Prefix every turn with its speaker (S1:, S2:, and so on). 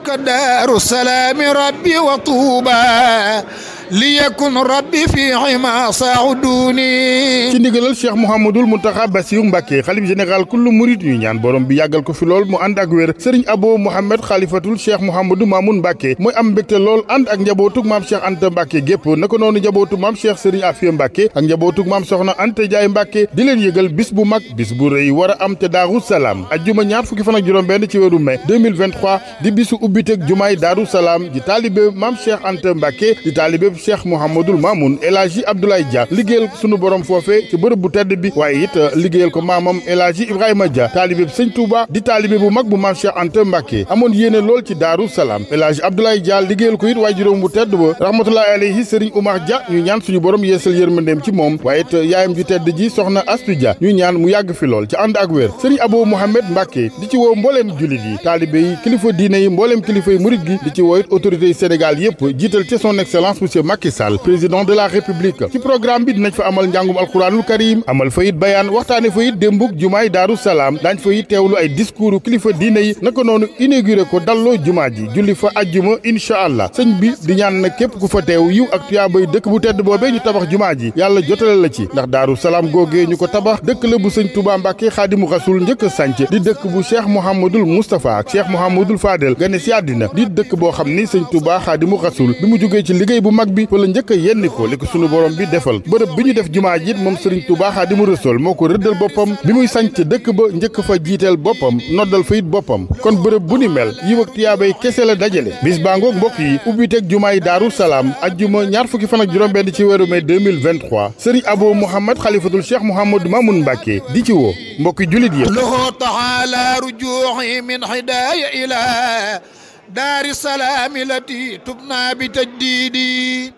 S1: لك دار السلام ربي وطوبى ليكن ربي في عما صعدوني
S2: ci ndigalal Cheikh Mouhamadul Mountakha Bassirou Mbacké xalif général kullu murit ñu ñaan borom bi yàggal ko fi lool mu ànd ak wér sëriñ Abo Mouhamed xalifatul Cheikh Mouhamadou Mamoun Mbacké mooy am mbégte lool ànd ak njabootug maam Cheikh Anta Mbacké gépp naka noonu njabootug maam Cheikh Sëriñ Afia Mbacké ak njabootug maam Soxna Anta Jaay Mbacké di leen yëgal bis bu mag bis bu rëy war a am te Daaru Salaam ajjuma ñaar fukki fan ak juróom benn ci weeru mai 2023 di bisu ubbiteg jumaay Daaru Salaam di taalibe maam Cheikh Anta Mbacké di taalibe Cheikh Mouhamadul Mamoun El Hadji Abdoulaye Dia liggéeyal sunu borom foofe jàngale ci bërëb bu tedd bi waaye it euh, liggéeyal ko maamam El Hadji taalibe bi sëñ Touba di taalibe bu mag bu Maam Cheikh Anta Mbacke amoon yéene lool ci Daaru Salaam El liggéeyal ko it waaye bu tedd ba rahmatullahi alayhi Serigne Oumar Dia ñu ñaan suñu borom yeesal yërmandeem ci moom waaye euh, yaayam ju tedd ji soxna Astu Dia ñaan mu yàgg fi lool ci ànd ak wér Serigne Abou Mouhamed Mbacke di ci woo mbooleem jullit yi taalibe yi kilifa di alquranul karim amal fa yit bayaan waxtaane fa yit démbug jumaay daaru salaam daañ fa yit teewlu ay discours kilifa diine yi naka noonu inauguré ko dalloo jumaa ji julli fa ajjuma incha allah sëñ bi di ñaan na képp ku fa teew yiw ak tuyaabay dëkk bu tedd boobee ñu tabax jumaa ji yàlla jotale la ci ndax daaru salaam googee ñu ko tabax dëkk la bu sëñ Tuubaa Mbàkke xaadimu rasul njëkk a sànc di dëkk bu cheikh mouhamadul moustapha ak cheikh mouhamadul fadel gane si àddina di dëkk boo xam ni sëñ Tuubaa xaadimu rasul bi mu jógee ci liggéey bu mag bi fa la njëkk a yenni ko li ko sunu borom bi Serigne Touba Xaadimu Rasuul moo ko rëddal boppam bi muy sanc dëkk ba njëkk fa jiiteel boppam noddal fa it boppam kon bërëb bu ni mel yiw ak tiyaabay kese la dajale bis baa ngoog yi ubbiteeg jumaay Daaru Salaam ajjuma ñaar fukki fan ak juróom-benn ci weeru mai 2023 Serigne Abo Mouhamad xalifatul Cheikh Mouhamadou Mamoun Mbacke di ci woo mbokki julit yi lahu
S1: taala rujuuxi min hidaaya ila daari salaam lati tubna bi tajdiidi